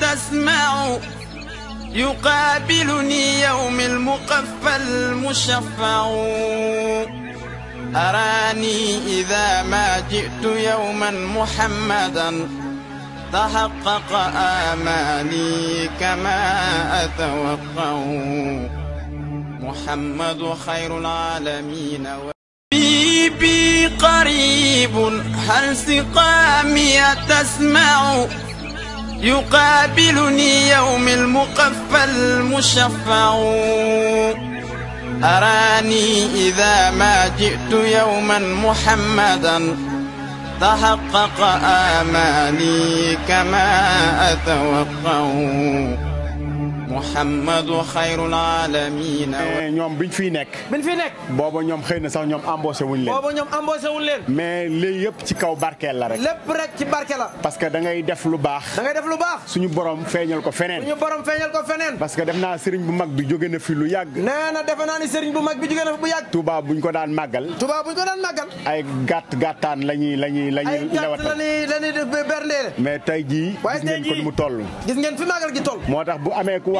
تسمع يقابلني يوم المقفى المشفع أراني إذا ما جئت يوما محمدا تحقق آمالي كما أتوقع محمد خير العالمين حبيبي قريب هل سقامي تسمع يقابلني يوم المقفى المشفع أراني إذا ما جئت يوما محمدا تحقق آماني كما أتوقع Muhammadu xayrul aalamiin. ñoom biñ fiy nekk. biñ ñoom xëy na sax ñoom embauché wuñ leen. booba ñoom embauché wuñ leen. mais léegi yëpp ci kaw barkeel la rek. lépp rek ci barkeel la. parce que da ngay def lu baax. da ngay def lu baax. suñu borom feeñal ko feneen. suñu borom feeñal ko feneen. parce que def naa sëriñ bu mag bi jóge na fi lu yàgg. nee na defe naa ni bu mag bi jóge na fi bu yàgg. Touba buñ ko daan màggal. Touba buñ ko daan màggal. ay gat gataan la ñuy la ñuy la ñuy lewatal mais tey jii gis ngeen kon mu toll.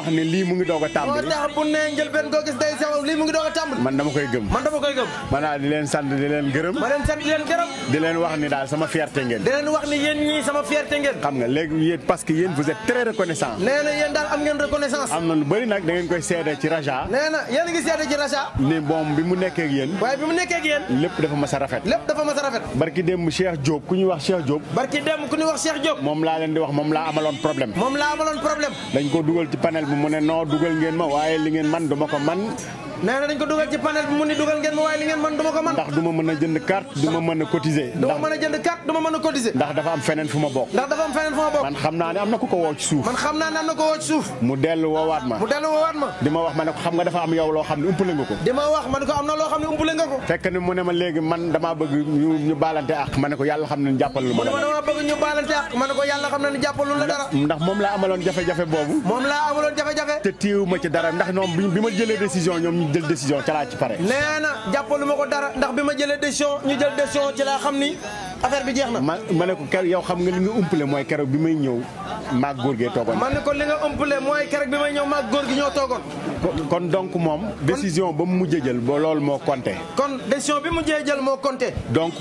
wax ne lii mu ngi doog a tàmbali. moo tax bu ne njëlbeen koo gis day sewal lii mu ngi doog a tàmbali. man dama koy gëm. man dama koy gëm. man daal di leen sant di leen gërëm. ma leen sant di leen gërëm. di leen wax ni daal sama fierté ngeen. di leen wax ni yéen ñii sama fierté ngeen. xam nga léegi yéen parce que yéen vous êtes très reconnaissant. nee na yéen daal am ngeen reconnaissance. am na lu bëri nag da ngeen koy seede ci Raja. nee na yéen a ngi seede ci Raja. ni moom bi mu nekkee ak yéen. waaye bi mu nekkee ak yéen. lépp dafa mas a rafet. lépp dafa mas a rafet. barki démb Cheikh Diop ku ñu wax Cheikh Diop. barki démb ku ñu wax Cheikh Diop. moom laa leen di wax moom laa amaloon problème. moom laa amaloon problème. dañ ko dugal ci panel bi mu ne noo dugal ngeen ma waaye li ngeen man duma ko man nee na dañ ko dugal ci panel ma waaye ndax a jënd carte du ma a cotiser a a cotiser ndax dafa am feneen fu ma bokk ndax dafa am feneen fu ma bokk man xam naa ne am na ku ko woo ci suuf man ko woo suuf mu dellu woowaat ma mu dellu woowaat ma di ma wax ma ne ko xam nga dafa am yow loo xam ne umpale nga ko di ma na loo ko fekk mu ne ma léegi man dama bëgg ñu ñu ak ma ne ko yàlla xam ne ko yàlla xam nañu jàppal lu la dara ndax moom laa amaloon jafe-jafe boobu moom laa amaloon jafe-jafe te téewu ma ci dara ndax ñoom bi ma jëlee décision ñoom ngeen jël décision ca laa ci pare. nee na ma ko dara ndax bi ma jëlee décision ñu jël décision ci laa xam ni affaire bi jeex na. ma ma ne ko keroog yow xam nga li nga umpale mooy keroog bi may ñëw maag góor gee ma ne ko li nga umpale mooy keroog bi may ñëw maag góor gi ñoo toogoon. kon donc moom. décision ba mu mujjee jël ba loolu moo compté. kon décision bi mu mujjee jël moo compté. donc.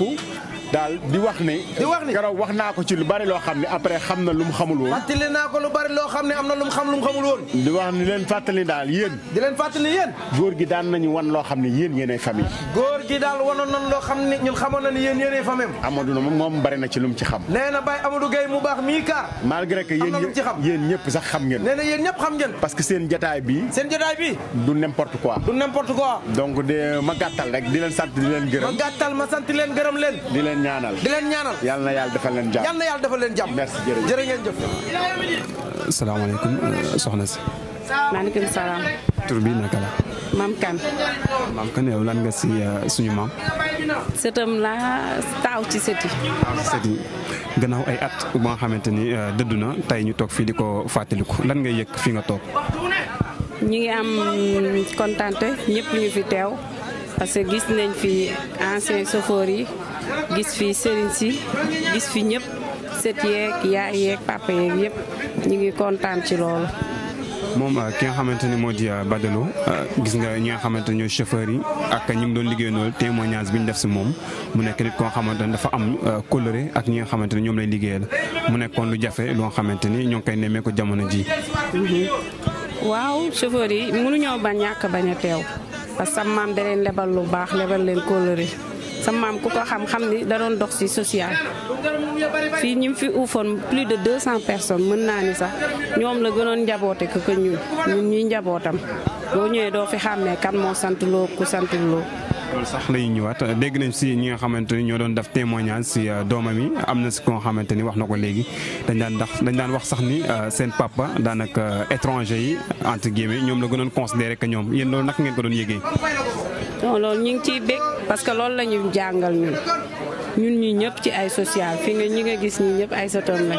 daal di wax ni. wax naa ko ci lu bari loo xam ne après xam na lu mu xamul woon. fàttali naa ko lu bari xam ne am na lu mu xam lu mu xamul woon. di wax ni leen fàttali daal yéen. di leen fàttali yéen. góor gi daan nañu wan loo xam ne yéen yéenay famille. góor gi daal wanoon nañ loo xam ne ñun xamoon na ni yéen yéenay famille. Amadou na moom bari na ci lu mu ci xam. nee na Baye Amadou Gueye mu baax mii kaar. malgré que yéen yéen sax xam ngeen. parce que seen jotaay bi. seen jotaay bi. du n'importe quoi. du n'importe quoi. donc de ma gàttal rek di leen ñaanal yàlla yàlla defal leen jàmm merci jërëjëf euh, soxna si maaleykum salaam tur bi maam kan maam lan nga si euh, suñu maam sëtam la taaw ci sëti gannaaw ay at ba nga xamante ni euh, dëdd na tey ñu toog fii di ko fàttaliku lan ngay yëg fi nga toog ñu ngi am kontante ñëpp ñu fi teew parce gis nañ fi ancien chauffeur gis fi sëriñ si gis fi ñëpp sët yeeg yaay yeeg papa yeeg yëpp ñu ngi kontaan ci loolu. moom ah, ki nga xamante ni moo di ah, Badalo ah, gis nga ñi nga xamante ne ñooy chauffeur yi ak ñi mu doon liggéeyandoo témoignage bi ñu def si moom mu nekk nit koo xamante ne dafa am coloré ak ñi xamante ne ñoom lay liggéeyal mu nekkoon lu jafe loo xamante ni ñoo ngi koy nemmee ko jamono ji mm-hmm. waaw chauffeur yi mënuñoo ba ñàkk bañ a teew parce que maam lebal lu baax lebal leen coloré. sa maam ku ko xam-xam ni da dox si social fii ñi fi uufoon plus de 200 personnes mën naa ni sax ñoom la gënoon njaboote ko ñun ñun ñuy njabootam boo ñëwee doo fi xàmmee kan moo sant loo ku sant loo loolu sax lay ñëwaat dégg nañ si ñi nga xamante ni ñoo doon def témoignage si euh, doomam yi am na si ko nga xamante ni wax na ko léegi dañ daan ndax dañ daan wax sax ni euh, seen papa daanaka euh, étranger yi entre guillemets ñoom la gënoon considéré que ñoom yéen loolu naka ngeen ko doon yëgee. non loolu ñu ngi ciy bég parce que loolu la ñu jàngal ñun ñun ñii ñëpp ci ay social fi nga ñi nga gis ñi ñëpp ay satoon lañ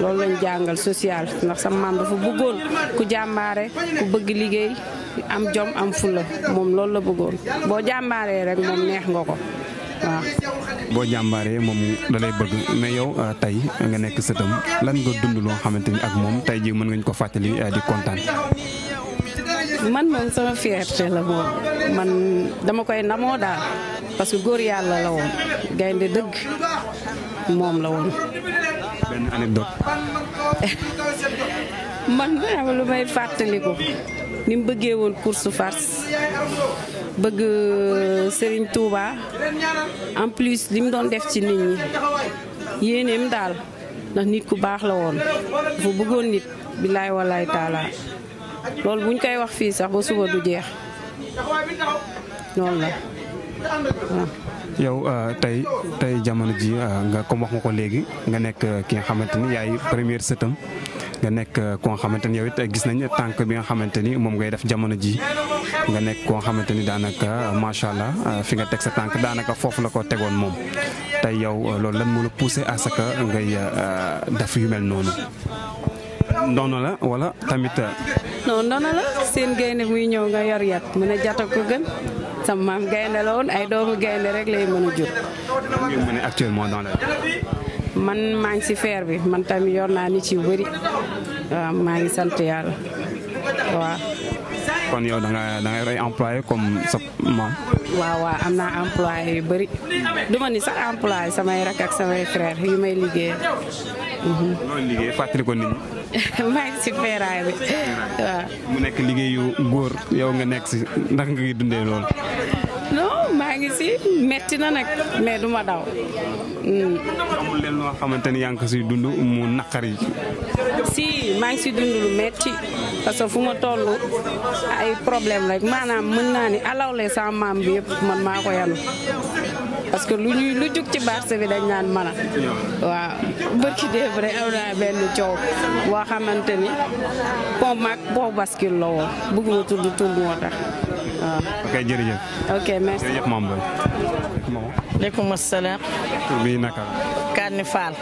loolu lañ jàngal social ndax sa maam fu bëggoon ku jàmbaare ku bëgg liggéey am jom am fula moom loolu la bëggoon boo jàmbaaree rek moom neex nga ko waaw. boo jàmbaaree moom da lay bëgg mais yow euh, tey nga nekk sëtam lan nga dund loo xamante ni ak moom tey jii mën nga ñu ko fàttali euh, di kontaan. man man sama fierté la moom man dama koy namoo daal parce que góor yàlla la woon gaynde dëgg moom la woon. benn anecdote. man ma lu may fàttaliku ni mu bëggee woon course farce bëgg euh, Serigne Touba en plus li mu doon def ci nit ñi yéeneem daal ndax nit ku baax la woon dafa bëggoon nit billaay wallaay taala loolu buñ koy wax fii sax ba suba du jeex loolu la waaw. Euh, tey tey jamono ji euh, nga comme wax nga ko léegi nga nekk euh, ki nga xamante ni yaay première sëtam nga nekk koo xamante ni yow it gis nañ tànk bi nga xamante ni moom ngay def jamono ji nga nekk koo xamante ni daanaka macha allah fi nga teg sa tànk daanaka foofu la ko tegoon moom tey yow loolu lan moo la poussé à ce ngay def yu mel noonu. noonu la wala tamit. non la seen gaynde muy ñëw nga yor yat mu ne jata ko gën sama maam gaynde la woon ay doomu gaynde rek lay mën a jur actuellement man maa ngi si feer bi man tamit yor naa nit yu bëri waaw maa ngi sant yàlla waaw kon yow da nga da ngay roy employé yu bëri du ma ni sax samay rak ak samay frère yu may liggéey loolu liggéey nit ñi maa ngi si feeraay bi waaw. mu nekk liggéeyu góor yow nga nekk si ndax nga ngi dundee lool. non maa ngi si metti na nag mais du ma daw. Hmm. amul loo xamante ni yaa ngi ko siy dund mu naqari. si maa ngi si dund lu metti parce que fu ma toll ay problème rek maanaam mën naa ni alaw le sama bi yëpp man maa ko yanu parce que lu ñuy lu jug ci marché bi dañ naan mën waaw bërki déeb rek am naa benn coow boo xamante ni pont maag pont bascule la woon tudd tudd moo tax waaw. ok jërëjëf. ok merci ah,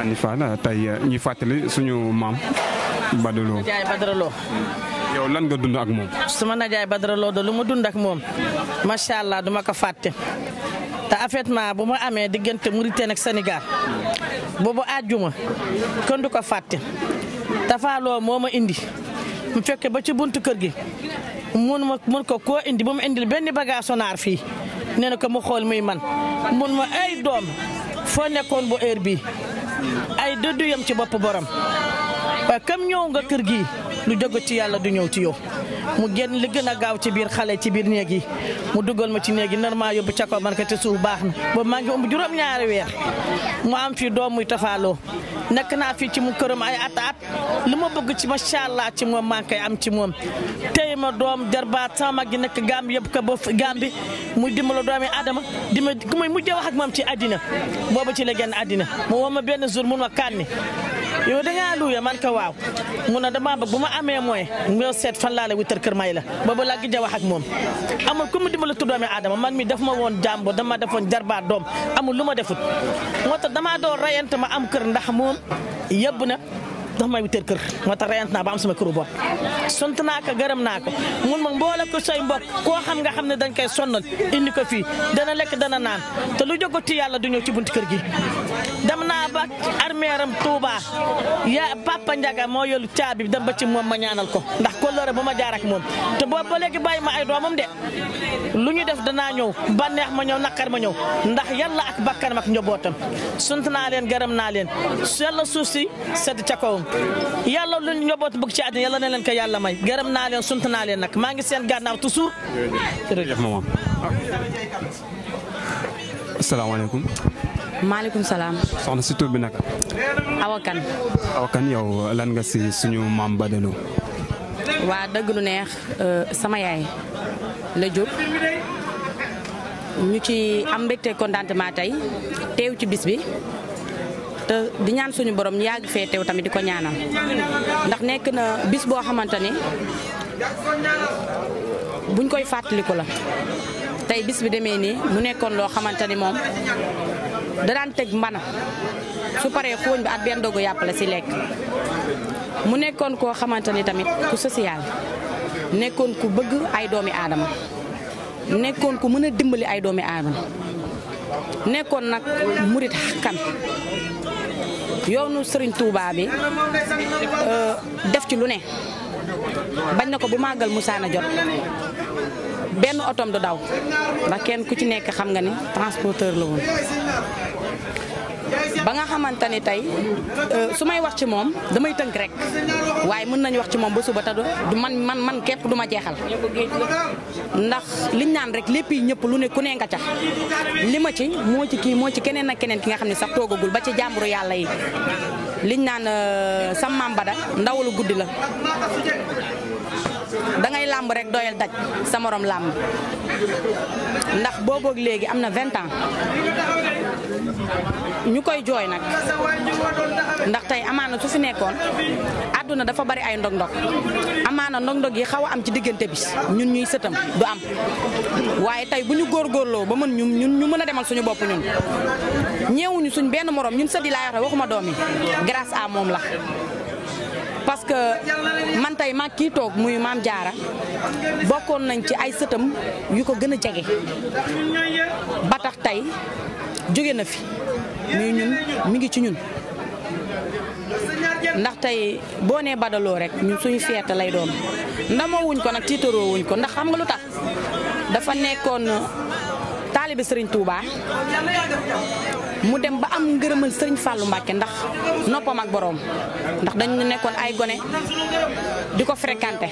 ah, ñuy fàttali suñu maam. Badaloo Ndiaye Badaloo. yow lan nga dund ak moom. su ma najaay Badara Lo de lu ma dund ak moom macha allah duma ko fàtte te affaitement bu ma amee diggante Mauritanie ak Sénégal boobu àjjuma kenn du ko fàtte tafaaloo moo ma indi mu fekke ba ci buntu kër gi mun ma mun ko koo indi ba mu indil benn bagage sonaar fii nee na ko mu xool muy man mun ma ay doom foo nekkoon bu heure bii ay dëddu yam ci bopp borom waaye comme ñëw nga kër gi lu jóg ci yàlla du ñëw ci yow mu génn li gën a gaaw ci biir xale ci biir néeg yi mu dugal ma ci néeg yi nar maa yóbbu ca kaw man te suuf baax na boobu maa ngi ëmb juróom-ñaari weer mu am fi doom muy tafaaloo nekk naa fii ci mu këram ay ata at li ma bëgg ci macha allah ci moom maa ngi am ci moom tey ma doom jarbaat sama mag gi nekk gaam yëpp ko ba gaam bi muy dimbalo doomi adama dima ku may mujjee wax ak moom ci àddina boobu ci la génn àddina mu woo ma benn jour mun ma kànni yow da ngaa luuya man ko waaw mu na damaa bëgg bu ma amee mooy nga seet fan laa la kër may la boobu laa gis wax ak moom amul ku mu dimbali tu doomi aadama man mi daf ma woon jàmbo dama defoon jarbaat doom amul lu ma defut moo tax damaa doon rayante ma am kër ndax moom yëbb na dafa may wuteel kër moo tax reyant naa ba am sama këru naa ko gërëm naa ko mun ma mboolem ko say mbokk koo xam nga xam ne dañ koy sonnal indi ko fii dana lekk dana naan te lu jógati yàlla du ñëw ci bunti kër gi dem naa ba armeeram Touba ya Papa Ndiaga moo yolu caabi dem ba ci moom ma ñaanal ko ndax kóllëre ba ma jaar ak moom te boo ba léegi bay ma ay doomam de lu ñu def danaa ñëw bànneex ma ñëw naqar ma ñëw ndax yàlla ak bakkanam ak njabootam sant naa leen gërëm naa leen yàlla suuf si sedd ca kawam yàlla lu njaboot bëgg ci àddina yàlla na leen ko yàlla may gërëm naa leen sunt naa leen nag maa ngi seen gànnaaw toujours. jërëjëf maman. asalaamaaleykum. maaleykum salaam. soxna si tur bi naka. Awa Kane. Awa lan nga si suñu maam Bada Lo. waa dëgg lu neex euh, sama yaay la jóg ñu ci am mbégte contentement tey teew ci bis bi. te di ñaan suñu borom ñu yàgg fee teew tamit di ko ñaanal ndax nekk na bis boo xamante ni buñ koy fàttaliku la tey bis bi demee nii mu nekkoon loo xamante ni moom da daan teg mbana su paree xooñ bi at benn dogu yàpp la si lekk mu nekkoon koo xamante ni tamit ku social nekkoon ku bëgg ay doomi aadama nekkoon ku mën a dimbali ay doomi aadama nekkoon nag murit xàkkan yoonu Serigne Touba bi euh, def ci lu ne bañ na ko bu màggal Musaana jot benn otoom du daw ndax kenn ku ci nekk xam nga ni transporteur la woon. ba nga xamante ni tey euh, su may wax ci moom damay tënk rek waaye mën nañu wax ci moom ba suba te du man man man képp du ma jeexal ndax liñ naan rek lépp ñëpp lu ne ku ne nga ca li ma ci moo ci kii moo ci keneen ak keneen ki nga xam ne sax toogagul ba ci jàmburu yàlla yi liñ naan euh, sa maam Bada ndawalu guddi la dangay làmb rek doyal daj sa morom làmb ndax booboog léegi am na vingt ans ñu koy jooy nag ndax tey amaana su fi nekkoon àdduna dafa bari ay ndog-ndog amaana ndog-ndog yi xaw a am ci diggante bi ñun ñuy sëtam du am waaye tey bu ñu góorloo ba mën ñu ñu mën a demal suñu bopp ñun ñeewuñu suñ benn moroom ñun sët yi laa waxee waxuma doom yi grâce à moom la parce que man tey mag kii toog muy maam jaara bokkoon nañ ci ay sëtam yu ko gën a jege ba tax tey jóge na fi muy ñun mi ngi ci ñun ndax tey boo nee badaloo rek ñun suñu feete lay doon moo wuñ ko nag tiitaroo wuñ ko ndax xam nga lu tax dafa nekkoon taalibe Sëriñ Tuubaa mu dem ba am ngërëmal sëriñ Fallou Mbacke ndax noppam ak boroom ndax dañu nekkoon ay gone di ko fréquenté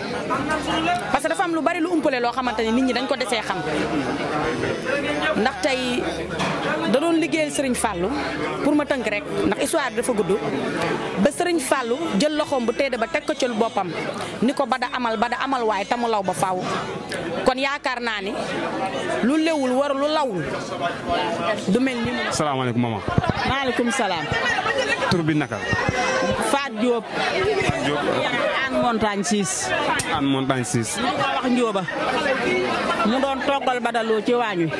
parce que dafa am lu bari lu umpale loo xamante ni nit ñi dañ ko desee xam ndax tey da doon liggéeyal sëriñ Fallou pour ma tënk rek ndax histoire bi dafa gudd ba sëriñ Fallou jël loxoom bu tedd ba teg ko ci boppam ni ko ba da amal ba da amal waaye tamu law ba faaw kon yaakaar naa ni lu lewul war lu lawul du mel ni. Salaamaaleykum. maman. maaleykum salaam. tur bi naka. Faat Diop. Faat Diop. Aan ñu mu doon toggal badaloo ci waañ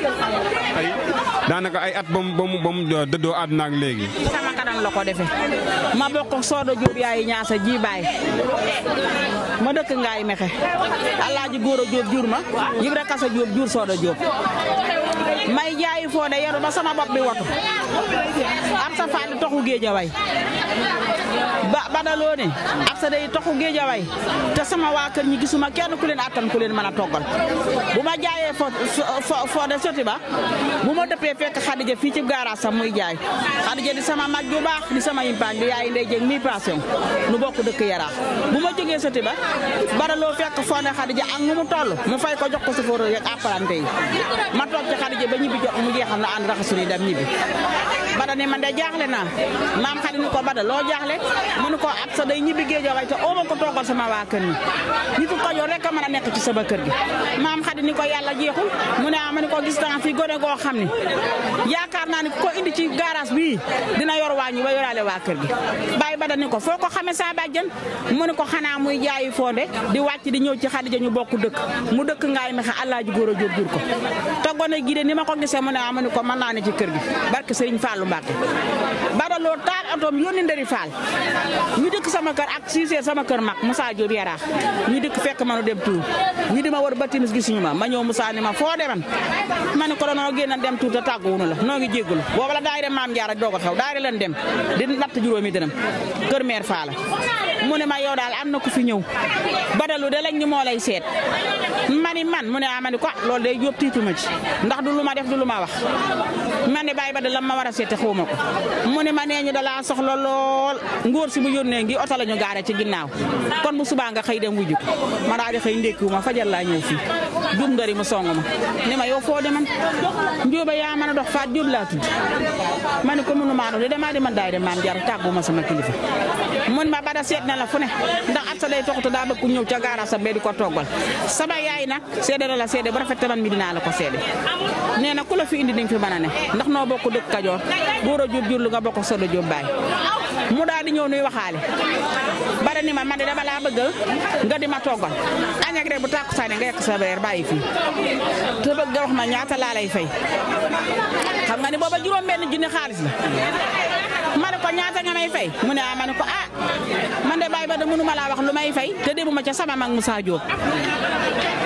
daanaka ay at ba mu dëddoo àdduna léegi. sama kanam la ko ma bokk Soodo Diop yaay ñaasa ji ma dëkk Ngaay Mexe. Alaaji Góora Diop jur ma. Ibra Kasa Diop jur Soodo Diop. may jaayi foode yaru ba sama bopp bi watu am sa faali toxu géejawaay badaloo ne ak sa day taxu géejawaay te sama waa kër ñi gisuma kenn ku leen attan ku leen mën a toggal bu ma jaayee fo fo de soti ba bu ma dëppee fekk Xadija fii ci gaaraas sax muy jaay Xadija di sama mag bu baax di sama yimpaañ bi yaay ndey jéeg mi passion nu bokk dëkk yaraax bu ma jógee soti ba badaloo fekk foo ne Xadija ak nu mu toll mu fay ko jox ko sofóor yeeg apprenti yi ma toog ci Xadija ba ñibbi jot mu jeexal na ànd raxasuñu dem ñibbi bada ni man de jaaxle naa maam xali ni ko bada loo jaaxle mënu ko ab sa day ñibbi géejawaay te oo ma ko toogal sama waa kër ñi ñi ko yor rek a man a nekk ci sama kër gi maam xali ni ko yàlla jeexul mu ne ah, ma ni ko gis naa fi gone goo xam ni yaakaar naa ni ko indi ci gaaraas bii dina yor waa ñi ba yoraale waa kër gi Ablaye Bada ni ko foo ko xamee saa bàjjen mu ne ko xanaa muy jaayi fonde di wàcc di ñëw ci Xadija ñu bokk dëkk mu dëkk ngaay mexe allaaj góora a jur ko te gone gi de ni ma ko gisee mu ne ah ma ne ko man naa ne ci kër gi barke Serigne Fallou Mbacke Bada loo taal atoom yónni ndëri Fall ñu dëkk sama kër ak Cissé sama kër mag Moussa Diop Yaraax ñu dëkk fekk ma nu dem tuur ñu di ma war ba timis gisuñu ma ma ñëw Moussa ni ma foo deman ma ne ko danoo génn dem tuur te tàgguwunu la noo ngi jéggulu boobu la daayira Maam Jaara doog a xew daayira lan dem di natt juróomi dërëm kër mère Falla mu ne ma yow daal am na ku fi ñëw badalu de lañ ñu moo lay seet ma ni man mu ne ama ah, ni ko ah, lool day jóob tiitu ma ci ndax du lu ma def du lu ma wax ma ne bàyyi ba de la ma war a seete xaw ma ko mu ne ma nee ñu dalaa soxla lool ngóor si bu ne ngi oto la ñu ci ginnaaw kon bu subaa nga xëy dem wujju ma daal di xëy ndékkiwu ma fajal laa ñëw fii jub ndari mu song ma ne ma yow foo de man njóoba yaa mën a dox faat jóob laa tudd ma ne ko mënu maa dox de damaa di man daay mun ma bada seet na la fu ne ndax at sa day toxutu daa bëgg ñëw ca gaara sa bee di ko toggal sama yaay na seede la la seede bu rafet man mi dinaa la ko seede nee na ku la fi indi dinga fi mën a ne ndax noo bokk dëkk Kajoor góor a jur jur lu nga bokk ak Soodo Jóob baay mu daal di ñëw nuy waxaale bara ni ma man de dama laa bëgg nga di ma toggal añ ak reer bu tàkkusaane nga yekk sa reer bàyyi fii te bëgg nga wax ma ñaata laa lay fay xam nga ni booba juróom benn xaalis la ko ñaata nga may fay mu ne ah ma ne ko ah man de Baye Bada mënu ma laa wax lu may fay te demuma ca sama mag Moussa Diop.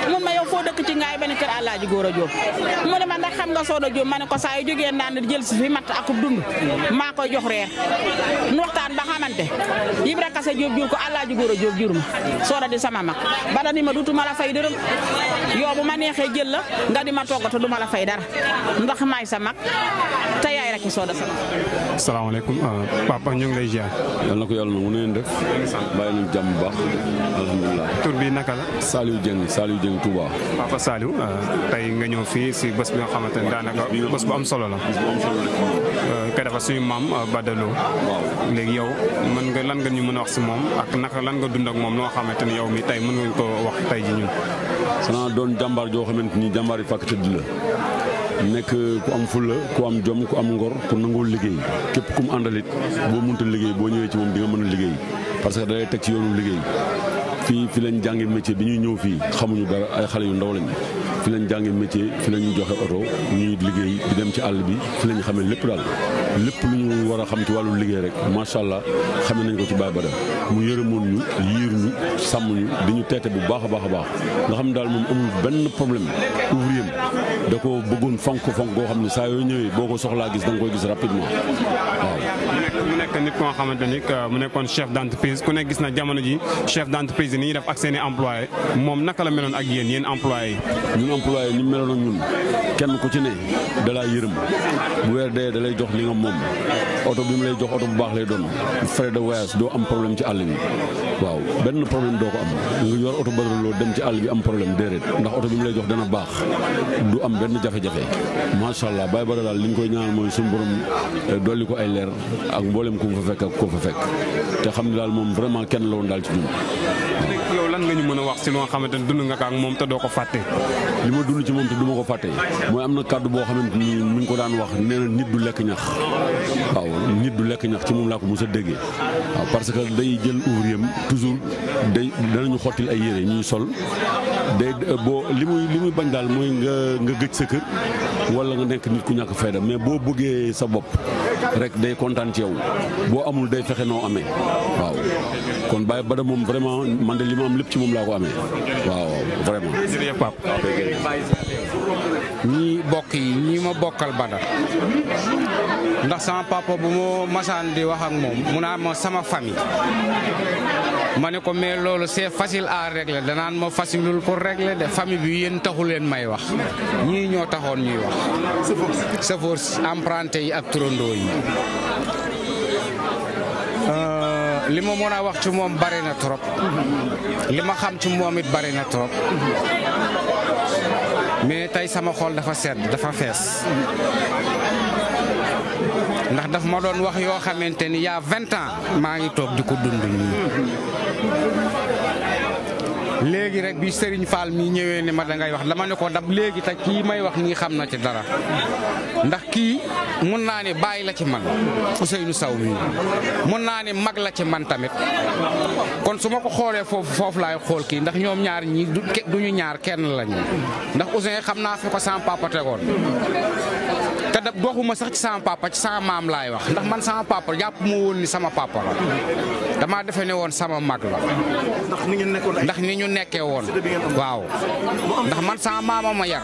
mun ma yow foo dëkk ci ngaay ba ni kër Alaaji Góora Diop mu ne ma ndax xam nga Sooda Diop ma ne ko saa yu jógee di jël si fi matt akub dund maa koy jox reer nu waxtaan ba xamante Ibra Kase Diop jur ko Alaaji Góora Diop jur ma Sooda di sama mag Bada ni ma dutuma la fay dërëm yow bu ma neexee jël la nga di ma toggatu du la fay dara ndax maay sa mag te yaay rek soo def. salaamaaleykum euh, papa ñu ngi lay ziar. yal na ko yàlla na mu neen def. bàyyi nañu tur bi naka la. Saliou Dieng Saliou Dieng Touba. papa Saliou euh, tey nga ñëw fii si bés bi nga xamante ne daanaka bés bu am solo la. ka euh, dafa suñu maam euh, Badaloo léegi yow mën nga lan nga ñu mën a wax si moom ak naka lan nga dund ak moom loo xamante ni yow mi tey mën nga ko wax tey ji ñun sanaa doon jàmbaar joo xamante ni jàmbaar yi fàkk tëdd la nekk ku am fulla ku am jom ku am ngor ku nangoo liggéey képp ku mu àndalit boo mënta liggéey boo ñëwee ci moom di nga mën a liggéey parce que da lay teg ci yoonu liggéey fii fi lañ jàngi métier bi ñuy ñëw fii xamuñu dara ay xale yu ndaw lañ fi lañ jàngee métier fi lañ joxe oto ñuy liggéey di dem ci àll bi fi lañ xamee lépp daal lépp lu ñu war a xam ci wàllu liggéey rek macha allah xame nañ ko ci Baye Bada mu yërëmoon ñu yiir ñu sàmm ñu di ñu teete bu baax a baax a baax nga xam daal moom amul benn problème ouvrier da ko bëggoon fonk fonk goo xam ne saa yoo ñëwee boo ko soxlaa gis da nga koy gis rapidement waaw. nekk nit ko nga xamante ni mu nekkoon chef d' ku nekk gis na jamono ji chef d' entreprise yi ni ñuy def ak seeni i employé moom naka la meloon ak yéen yéen employé yi. ñun employé ñu meloon ak ñun kenn ku ci ne da laa yërëm bu weer dee da lay jox li nga moom oto bi mu lay jox oto bu baax lay doon frais de voyage doo am problème ci àll bi. waaw benn problème doo ko am nga yor oto Badara Lo dem ci àll bi am problème déedéet ndax oto bi mu lay jox dana baax du am benn jafe-jafe macha allah Baye Badara daal li ñu koy ñaanal mooy suñu borom eh, dolli ko ay leer ak mboolem ku mu fa fekk ak ku fa fekk te xam ni daal moom vraiment kenn la woon daal ci ñun. yow lan nga ñu mën a wax si loo xamante ne dund nga ko ak moom te doo ko fàtte. li ma dund ci moom te du ma ko fàtte mooy am na kàddu boo xamante ni mi ngi ko daan wax nee nit du lekk ñax waaw nit du lekk ñax ci moom laa ko mos a déggee waaw parce que day jël ouvrier am toujours day ñu xottil ay yére ñuy sol. day euh, boo li muy li muy bañ daal mooy nga nga gëj sa kër wala nga nekk nit ku ñàkk fayda mais boo buggee sa bopp rek day kontaan ci yow boo amul day fexe noo amee waaw kon Baye Bada moom vraiment man de li ma am lépp ci moom laa ko amee waaw vraiment. ñii bokk yi ñii ma bokkal Bada ndax sama papa bu ma masaan di wax ak moom mu a ma sama famille. ma ne ko mais loolu c'est facile à régler danaan ma facilul pour régler de famille bi yéen taxu leen may wax ñii ñoo taxoon ñuy wax chauffeur emprunté yi ak turandoo yi euh, li ma mën a wax ci moom bari na trop li ma xam ci moom it bari na trop mais tey sama xol dafa sedd dafa fees ndax dafa ma doon wax yoo xamante ni yaa vingt ans maa ngi toog di ko dund nii léegi rek bi Serigne Fall mi ñëwee ne ma dangay wax dama ne ko dab léegi te kii may wax nii xam na ci dara ndax kii mun naa ne bàyyi la ci man Ousseynou Sow mi mun naa ne mag la ci man tamit kon su ma ko xoolee foofu foofu laay xool kii ndax ñoom ñaar ñi du ñaar kenn lañu ndax Ousseynou xam naa fi ko sama papa tegoon te da waxuma sax ci sama papa maam laay wax ndax man sama papa jàpp woon ni sama papa la damaa defe ne woon sama mag la. ndax ni ngeen nekkoon ndax ni ñu nekkee woon. waaw ndax man sama maama ma yar.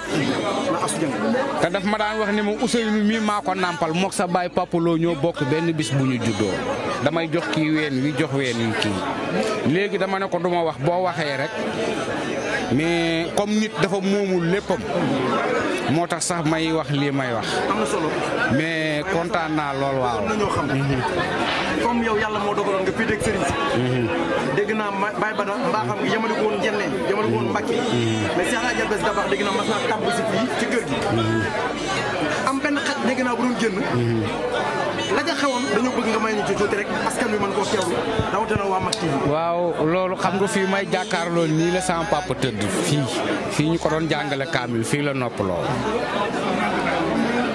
te daf ma daan wax ne mu Ousseynou mii maa ko nàmpal mook sa baay papa loo ñoo bokk benn bis bu ñu juddoo damay jox kii ween wi jox ween wi kii léegi dama ne ko du wax boo waxee rek mais comme nit dafa moomul léppam. moo tax sax may wax lii may wax. am na solo mais kontaan naa lool waaw. Mhm. comme yow yàlla moo dogaloon nga fii dégg sëriñ mhm. dégg naa Baye Bada mbaaxam nga yamali ko woon Njenne yamali ko woon Mbacke. Mhm. mais Cheikh dégg naa mas naa si fii ci kër gi. am benn dégg naa bu doon génn. la ca xewoon dañoo bëgg nga may ñu ci tuuti askan wi mën koo teewlu rawatina waa Mak TV. waaw loolu xam nga fi may jàkkaarloo nii la sama papa tëdd fii fii ñu ko doon jàngale kaamil fii la noppaloo.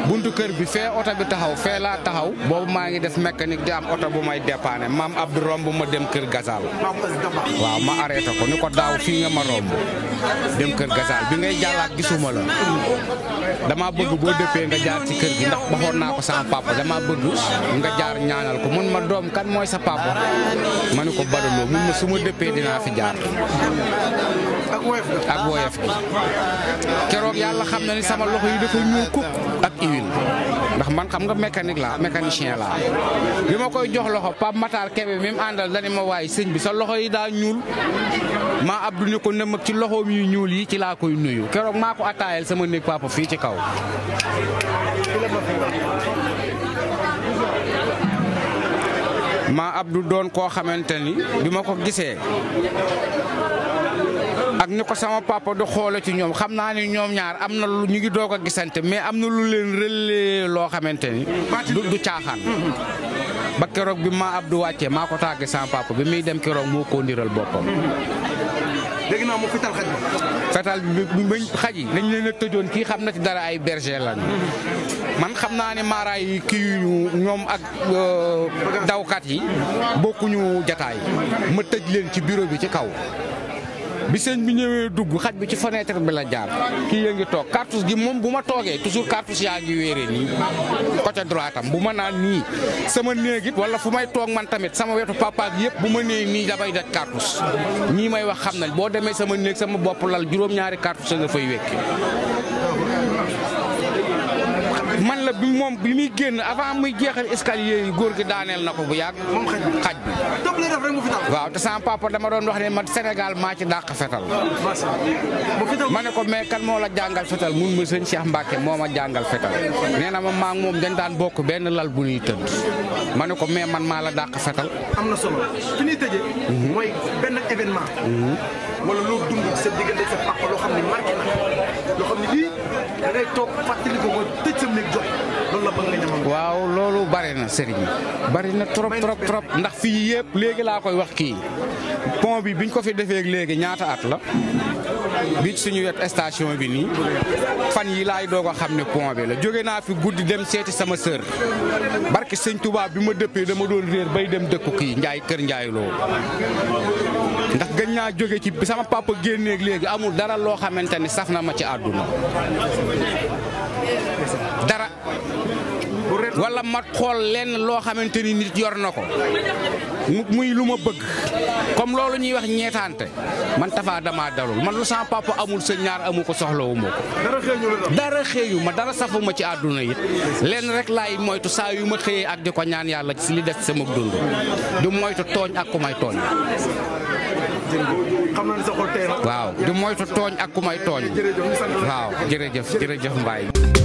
buntu kër bi fee oto bi taxaw fee laa taxaw boobu maa ngi def mécanique di am oto bu may dépanner maam Abdou romb ma dem kër Gasaal waaw ma arrêté ko ni ko daaw fii nga ma romb dem kër Gasaal bi ngay jàllaat gisuma la dama bëgg boo dëppee nga jaar si kër gi ndax waxoon naa ko sama papa dama bëgg nga jaar ñaanal ko mun ma doom kan mooy sa papa ma ne ko badaloo mun ma su ma dëppee dinaa fi jaar ak woyof bi keroog yàlla xam na ni sama loxo yi dafa ñuul kukk ak huile ndax man xam nga mécanique la mécanicien la bi ma koy jox loxo Pape Matar Kébé mi àndal dani ma waay sëñ bi sa loxo yi daa ñuul maa Abdou ne ko nëmm ci loxoom yu ñuul yi ci laa koy nuyu keroog maa ko attaayal sama néeg papa fii ci kaw maa Abdou doon koo xamante ni bi ma ko gisee ak ni ko sama papa du xoole ci ñoom xam naa ni ñoom ñaar am na lu ñu ngi doog a gisante mais am na lu leen relé loo xamante ni du caaxaan ba keroog bi ma du wàccee maa ko tàggee sama papa bi muy dem keroog moo ko ndiral boppam dégg naa bi bañ xaj leen a tëjoon kii xam na ci dara ay berger lañu man xam naa ne maaraay yi kii ñoom ak euh, dawkat yi bokkuñu jataay ma tëj leen ci bureau bi ci kaw bi sëñ bi ñëwee dugg xaj bi ci fenêtre bi la jaar kii yaa ngi toog cartouche gi moom bu ma toogee toujours cartouche yaa ngi wéere nii côté droit am bu ma naan nii sama néeg it wala fu may toog man tamit sama wetu papa gi yëpp bu ma nee nii damay daj cartouche ñii may wax xam nañ boo demee sama néeg sama bopp lal juróom-ñaari cartouche nga fay wekki bi moom bi muy génn avant muy jeexal escalier yi góor gi daaneel na ko bu yàgg. moom xaj waaw te sama dama doon wax ne man maa ci dàq fetal. ma ne ko mais kan moo la jàngal fetal mun ma sëñ Cheikh Mbacke moo ma jàngal fetal nee na ma maa moom dañ daan bokk benn lal bu ñuy tëdd ma ne ko mais man maa la dàq fetal. am na solo mhm. mooy benn événement. Mhm. wala loo dund sa diggante sa loo xam ne marqué na loo xam ne lii. da waaw loolu bari na sëriñ bari na trop trop trop ndax fii yëpp léegi laa koy wax kii pont bi biñ ko fi defee léegi ñaata at la. bi suñu wet station bi nii fan yi laay doo a xam ne pont bi la jóge naa fi guddi dem seeti sama sœur barki sëñ tubaab bi ma dëppee dama doon réer bay dem dëkku kii Njaay kër Njaay loo ñaa jóge ci sama papa génneeg léegi amul dara loo xamante ni saf na ma ci àdduna dara wala ma xool lenn loo xamante ni nit yor na ko muy lu ma bëgg comme loolu ñuy wax ñeetaante man tafaa dama dalul man lu sama papa amul sa ñaar amu ko soxlawu ma ko dara xëeñu dara safuma ci àdduna yi lenn rek laay moytu saa yu ma xëyee ak di ko ñaan yàlla ci li des sama dund du moytu tooñ ak ku tooñ waaw du moytu tooñ ak ku may tooñ waaw jërëjëf jërëjëf Mbaye